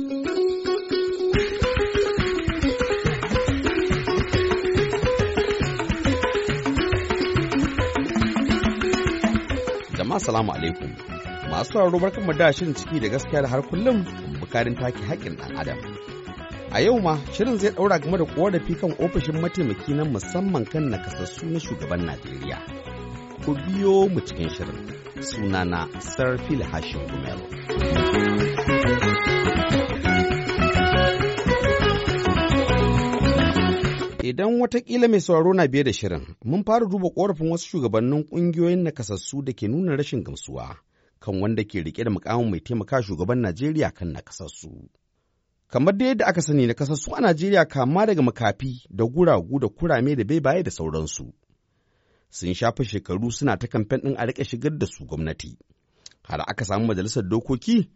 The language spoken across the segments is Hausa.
Jama'a salamu alaikum. Masu sauraro barkan mu da shirin ciki da gaskiya da har kullum bukarin take haƙƙin ɗan adam. A yau ma shirin zai ɗaura game da ƙorafi kan ofishin mataimaki na musamman kan nakasassu na shugaban Najeriya. ku biyo mu cikin shirin sunana sarfil hashin Gumero. Idan watakila mai sauraro na biye da shirin, mun fara duba ƙorafin wasu shugabannin ƙungiyoyin nakasassu da ke nuna rashin gamsuwa kan wanda ke rike da mukamin mai taimaka shugaban Najeriya kan nakasassu. Kamar da yadda aka sani nakasassu a Najeriya kama daga makafi da guragu da kurame da bebaye da sauransu. sun shafa shekaru suna ta kamfen ɗin a riƙe shigar da su gwamnati. Har aka samu majalisar dokoki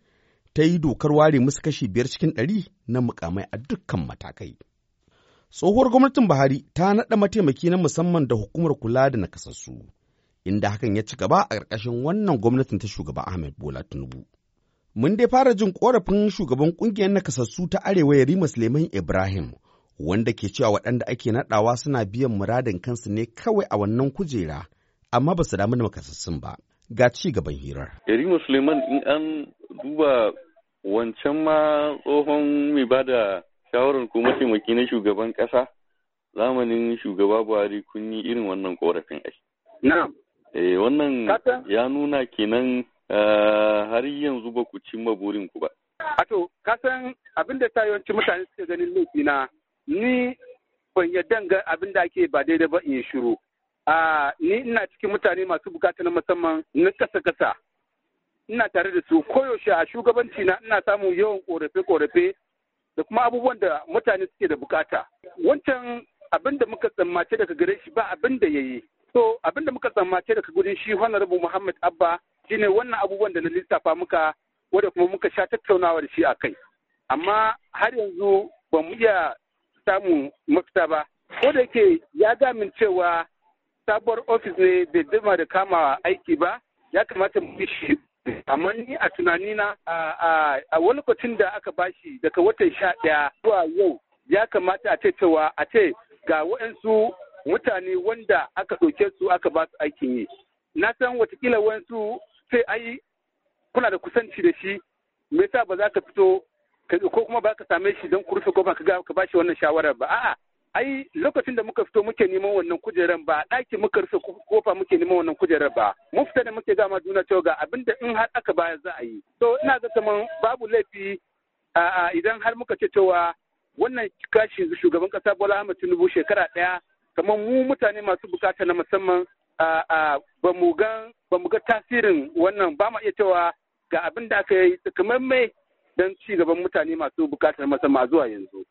ta yi dokar ware musu kashi biyar cikin ɗari na mukamai a dukkan matakai. Tsohuwar gwamnatin Buhari ta naɗa mataimaki na musamman da hukumar kula da nakasassu, inda hakan ya ci gaba a ƙarƙashin wannan gwamnatin ta shugaba Ahmed Bola Tinubu. Mun dai fara jin ƙorafin shugaban ƙungiyar nakasassu ta Arewa Yarima Suleiman Ibrahim wanda ke cewa waɗanda ake naɗawa suna biyan muradin kansu ne kawai a wannan kujera, amma ba su damu da makasassun ba. Ga ci gaban hirar. Yarima Suleiman in an duba wancan ma tsohon mai ba da shawarar ko mataimaki na shugaban ƙasa zamanin shugaba Buhari kun yi irin wannan korafin ai. Na'am. Eh wannan ya nuna kenan eh, har yanzu ba ku cimma burin ku ba. Ato, kasan abin da ta yawanci mutane suke ganin laifi na ni ban yadda ga abin da ake ba daidai ba in shiru a ni ina cikin mutane masu bukata na musamman na kasa kasa ina tare da su koyaushe a shugabanci na ina samun yawan korafe korafe da kuma abubuwan da mutane suke da bukata wancan abin da muka tsammace daga gare shi ba abin da ya yi. so abin da muka tsammace daga gudun shi honorable muhammad abba shine wannan abubuwan da na lissafa muka wadda kuma muka sha tattaunawa da shi a kai amma har yanzu ba mu iya samun mafita ba ko da ke ya gamin cewa sabuwar ofis ne bai dima da kama aiki ba ya kamata mu shi amma ni a tunanina a wani lokacin da aka bashi daga watan sha ɗaya zuwa yau ya kamata a ce cewa a ce ga waɗansu mutane wanda aka ɗauke su aka ba su aikin yi na san watakila waɗansu sai ai kuna da kusanci da shi me yasa ba za ka fito ko kuma baka same shi don kurfe rufe kofar ka ka ba shi wannan shawarar ba a'a ai lokacin da muka fito muke neman wannan kujerar ba a ɗaki muka rufe kofa muke neman wannan kujerar ba mun fita da muke gama juna cewa ga abinda in har aka baya za a yi to ina ga kaman babu laifi idan har muka ce cewa wannan kashi shugaban kasa Bola Ahmed Tinubu shekara daya kaman mu mutane masu bukata na musamman ba mu ga tasirin wannan ba ma iya cewa ga abin da aka yi kamar mai don ci gaban mutane masu bukatar musamman zuwa yanzu.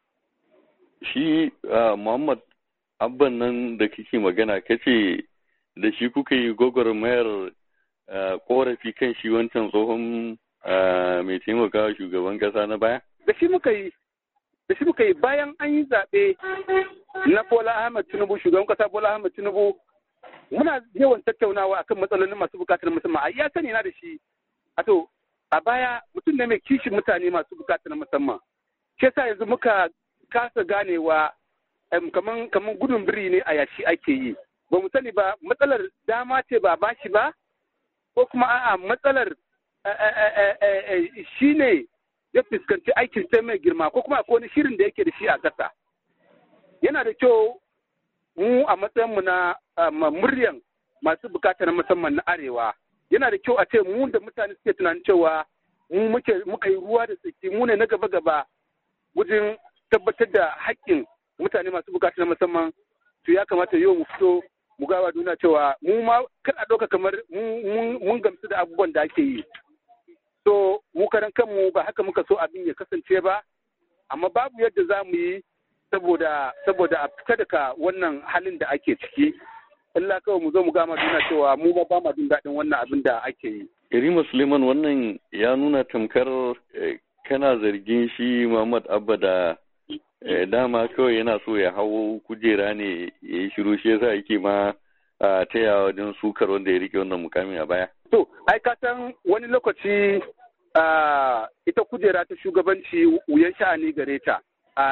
Shi ah, Muhammad abban nan da kike magana kace da shi kuka yi gwagwarmayar korafi ah, kan shi wancan tsohon ah, mai taimakawa shugaban kasa na baya? Da shi muka yi da shi muka yi bayan an yi zaɓe na Bola Ahmed Tinubu shugaban kasa Bola Ahmed Tinubu muna yawan tattaunawa akan matsalolin masu bukatar musamman a ya sani na da shi a to a baya mutum ne mai kishin mutane masu bukata na musamman shi yasa yanzu muka kasa ganewa kaman kaman gudun biri ne a yashi ake yi ba mu sani ba matsalar dama ce ba bashi ba ko kuma a'a matsalar eh, eh, eh, shi ne ya fuskanci aikin sai mai girma ko kuma akwai wani shirin da yake da shi a ƙasa yana da kyau mu a matsayinmu na muryan masu bukata bukatar musamman na arewa yana da kyau a ce mu da mutane suke tunanin cewa mu muka yi ruwa da tsaki mu ne na gaba gaba wajen tabbatar da haƙƙin mutane masu bukata na musamman to ya kamata yau mu fito mu gawa duniya cewa mu ma kar a ɗauka kamar mun gamsu da abubuwan da ake yi so mu karan kanmu ba haka muka so abin ya kasance ba amma babu yadda za mu yi saboda saboda a fita daga wannan halin da ake ciki illa kawai mu zo mu gama duna cewa mu ba ba ma jin daɗin wannan abin da ake yi. Irima Suleiman wannan ya nuna tamkar eh, kana zargin shi Muhammad Abba da eh, dama kawai yana so ya hau kujera ne ya yi shiru shi yasa yake ma taya wajen sukar wanda ya rike wannan mukamin a baya. To, ai ka wani lokaci ita kujera ta shugabanci wuyan sha'ani gare ta.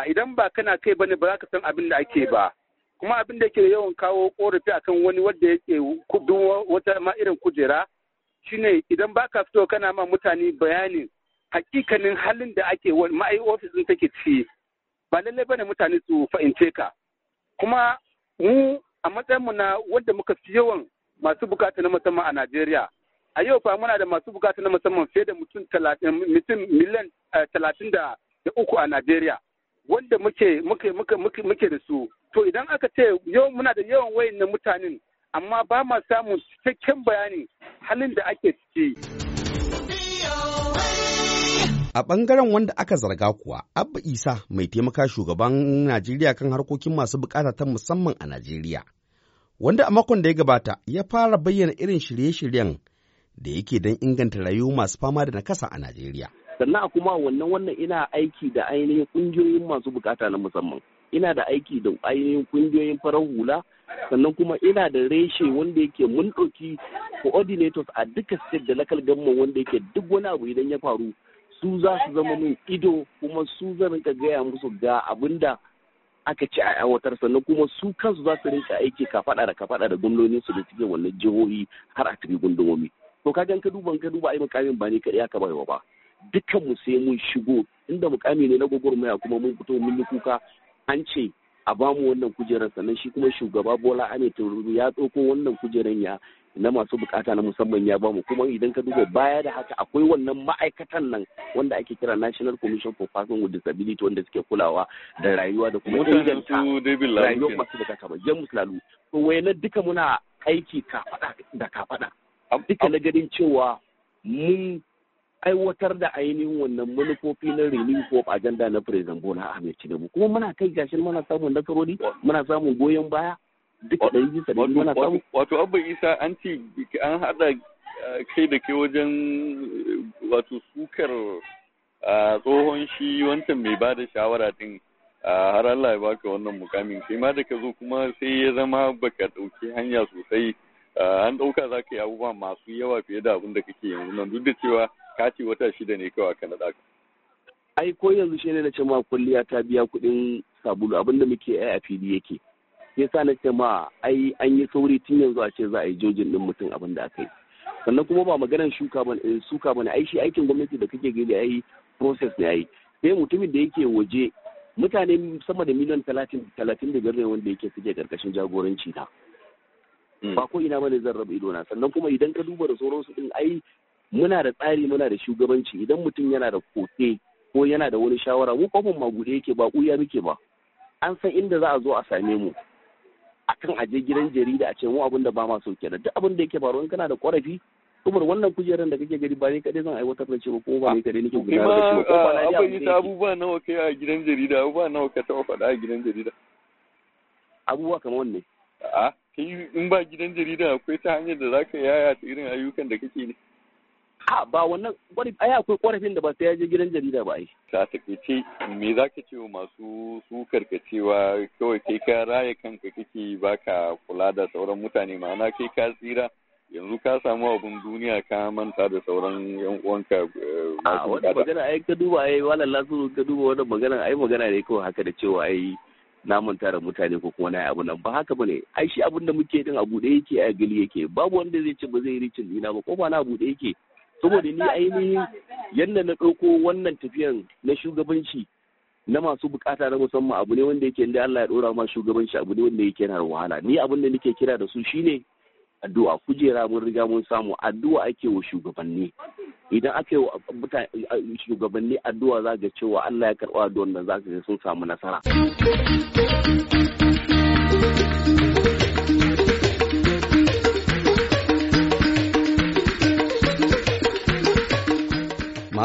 Idan ba kana kai bane ba za ka san abin da ake ba. kuma abin da yake yawan kawo korafi akan wani wanda yake bin wata ma irin kujera shine idan baka fito kana ma mutane bayanin hakikanin halin da ake ma'ai ofis din take ci ba lallai bane mutane su fahimce ka kuma mu a matsayin mu na wanda muka fi yawan masu bukata na musamman a Najeriya a yau fa muna da masu bukata na musamman fiye da mutum miliyan eh, talatin da uku a Najeriya wanda muke muke muke muke da su to idan aka ce yau muna da yawan wayan na mutanen amma ba ma samun cikakken bayani halin da ake ciki. A ɓangaren wanda aka zarga kuwa, Abba Isa mai taimaka shugaban Najeriya kan harkokin masu bukata ta musamman a Najeriya, wanda a makon da ya gabata ya fara bayyana irin shirye-shiryen da yake don inganta rayuwa masu fama da nakasa a Najeriya. Sannan kuma wannan wannan ina aiki da ainihin ƙungiyoyin masu bukata na musamman. ina da aiki da ainihin kungiyoyin farar hula sannan kuma ina da reshe wanda yake mun ɗauki coordinators a duka state da local government wanda yake duk wani abu idan ya faru su za su zama min ido kuma su zan rinka gaya musu ga abinda aka ci a yawatar. sannan kuma su kansu za su rinka aiki ka kafaɗa da ka kafaɗa da gwamnonin su da suke wannan jihohi har a tafi gundumomi to ka ka duba ka duba ai mukamin ba ne kaɗai aka baiwa ba dukkan mu sai mun shigo inda mukami ne na gwagwarmaya kuma mun fito mun yi kuka an ce a bamu wannan kujerar sannan shi kuma shugaba bola ame tururu ya tsoko wannan kujerar ya na masu bukata na musamman ya bamu kuma idan ka duba baya da haka akwai wannan ma'aikatan nan wanda ake kira national commission for persons with disability wanda suke kulawa da rayuwa da kuma inganta rayuwar masu bukata ba jan musulalu to duka muna aiki kafada da kafada duka na cewa mun aiwatar da ainihin wannan manufofi na renew of agenda na president bola ahmed tinubu kuma muna kai gashin muna samun nasarori muna samun goyon baya duka da bisa sa muna samu. wato abba isa an ce an hada eh, kai da kai wajen eh, wato sukar eh, tsohon shi wancan mai bada shawara din har Allah ya baka wannan mukamin sai ma da ka zo kuma sai ya zama baka ɗauki hanya sosai an ɗauka za ka yi abubuwa masu yawa fiye da abin da kake yanzu nan duk da cewa Kati wata shida ne kawai aka naɗa ka ai ko yanzu shi ne na ce ma kulliya ta biya kuɗin sabulu abinda muke ai a fili yake sa na ce ma ai an yi sauri tun yanzu a ce za a yi jojin ɗin mutum abin da aka yi sannan kuma ba maganar shuka ba eh, suka ba ne. ai shi aikin gwamnati da kake gani ai process ne ai sai mutumin da yake waje mutane sama da miliyan talatin talatin da biyar ne wanda yake suke karkashin jagoranci na hmm. ba ko ina bane zan raba idona sannan kuma idan ka duba da sauransu din ai muna da tsari muna da shugabanci idan mutum yana da kote ko yana da wani shawara mu kofin magude yake ba ya muke ba an san inda za a zo a same mu akan aje gidan jarida a ce mu abin da ba ma so kenan duk abin da yake faruwa in kana da korafi kuma wannan kujerar da kake gari ba ne, kadai zan aiwatar da ce ba ko ba ne kadai nake gudanar da shi ba ko ba na abu abubuwa nawa kai a gidan jarida abubuwa nawa ka taba faɗa a gidan jarida abubuwa kamar wanne a'a kai in ba gidan jarida akwai ta hanyar da zaka yaya ta irin ayyukan da kake ne a ba wannan kwari ai akwai kwarafin da ba sai ya je gidan jarida ba ai ka takeice me zaka ce masu sukar ka cewa kawai kai ka raya kanka kake baka kula da sauran mutane ma'ana kai ka tsira yanzu ka samu abin duniya ka manta da sauran yan uwanka eh, a wannan magana ai ka duba ai wallan lasu ka duba wannan magana ai magana ne kawai haka da cewa ai na manta da mutane ko kuma na abu nan ba haka bane ai shi abin da muke din abu da yake a gali yake babu wanda zai ce ba zai ricin dina ba kofa na abu yake saboda ni ainihin yadda na ɗauko wannan tafiyan na shugabanci na masu bukata na musamman abu ne wanda yake inda Allah ya ɗora ma shugabanci abu ne wanda yake yanar wahala ni abin da nake kira da su shine addu'a kujera mun riga mun samu addu'a ake wa shugabanni idan aka wa shugabanni addu'a za ga cewa Allah ya karɓa addu'an nan za ka sun samu nasara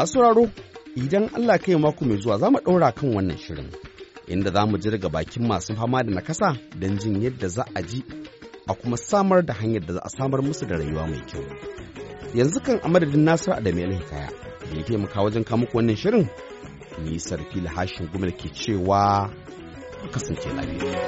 Masu raro, idan Allah kai mako mai zuwa za mu ɗaura kan wannan shirin, inda za mu jirga bakin masu fama da nakasa don jin yadda za a ji a kuma samar da hanyar da za a samar musu da rayuwa mai kyau. Yanzu kan a madadin Nasiru a damiyar Hikaya, da ya taimaka wajen kama wannan shirin, ni Sarfi Lahashin gumar ke cewa kasance lafiya.